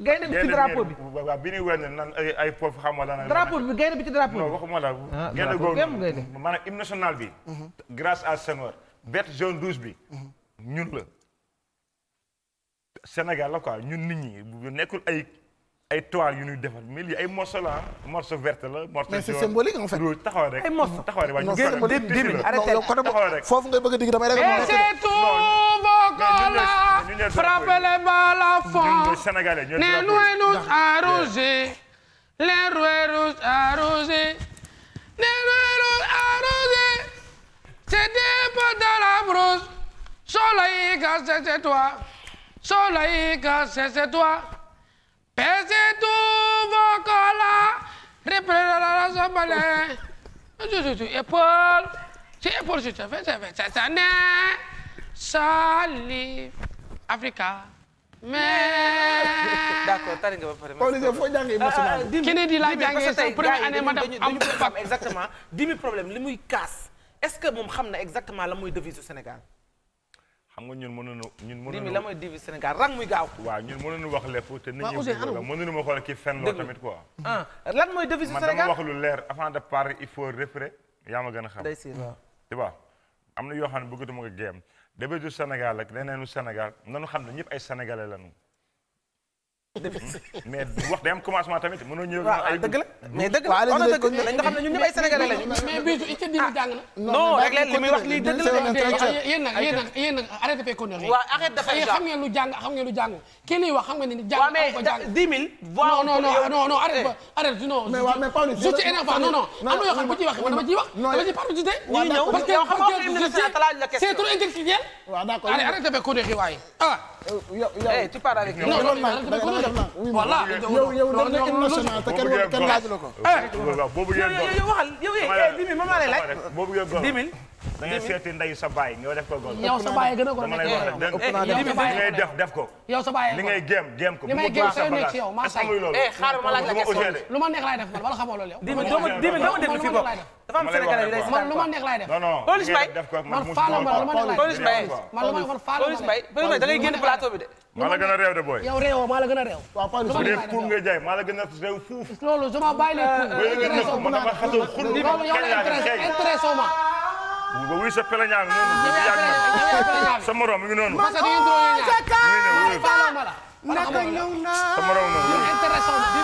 gaynde bi ci drapeau bi waaw bi ñuy wane nan ay foofu xam nga drapeau bi gaynde bi ci drapeau bi non waxuma la ah, gaynde national bi grâce a Senghor vert jaune rouge bi ñun la Sénégal la quoi ñun nit ñi nekkul ay ay toile yu nuy defar mais lii ay morceau la morceau verte la morceau mais c'est symbolique en fait taxaw rek ay morceau taxaw rek foofu ngay bëgg a dégg damay rek frappez les balles à fond. Les noirs nous arrosés. Les noirs nous arrosés. Les noirs nous arrosés. C'est des pas dans la brosse. Soleil cassé, c'est toi. Soleil cassé, c'est toi. Pesez tout vos colas. Reprenez la sombre. Je suis épaule. C'est épaule, je te fais, c'est fait cette année. Salive. Africa. mais. d'accord tari nga ba pare. Pawlish foo jàngee national. Kennedy laa jàngee sa première année ma dem am xam exactement li muy kaas est-ce que moom xam na exactement la muy devise su Sénégal. xam nga ñun mënuñu ñun mënuñu dimi la mooy devise Sénégal rang muy gaaw. waaw ñun mënuñu wax lépp te nit ñi mënuñu ma xool kii ah, lan mooy devise su Sénégal man dama wax lu leer avant de parler il faut référé yaa gën a xam. day am na yoo xam ne bëggatuma ko géem bébé du Sénégal ak leneenu Sénégal nanu xam ne ñëpp ay sénégalais lañu mais wax day am commencement tamit mënoo ñëw. ay dëgg la mais dëgg la wax dëgg la nga xam ne ñun ñëpp ay sénégalais lañu. mais bii it ci diir jàng na. non rek leen li muy wax lii dëgg la yéen nag yéen nag yéen xam ngeen lu wax xam nga ni wax dama ciy participer. ñuy ñëw parce que c'est trop intellectuel. waaw d'accord arrêté fee waaye yow yow tu parles avec non non non voilà yow yow dem na kenn kenn laaj boobu yow yow waxal yow eh 10 000 lay laaj 10 000 da ngay seeti nday sa baay nga def ko góor. yow sa baay gën a góor a nekk eh, def def ko. yow sa baay a ngay géem géem ko. li may géem nekk ci eh, ma laaj la question lu ma def man wala ma da ngay génn plateau bi de. maa la gën a réew de booy. yow réewoo maa la gën a réew. waaw Pawlish la gën a réew fuuf. loolu su ma la intéressé intéressé ma. ba wuy sa peleñaang noonu. sa morom mi ngi noonu. parce que di ngeen turóo yéen ñaar. naka ñëw naa. sa morom noonu.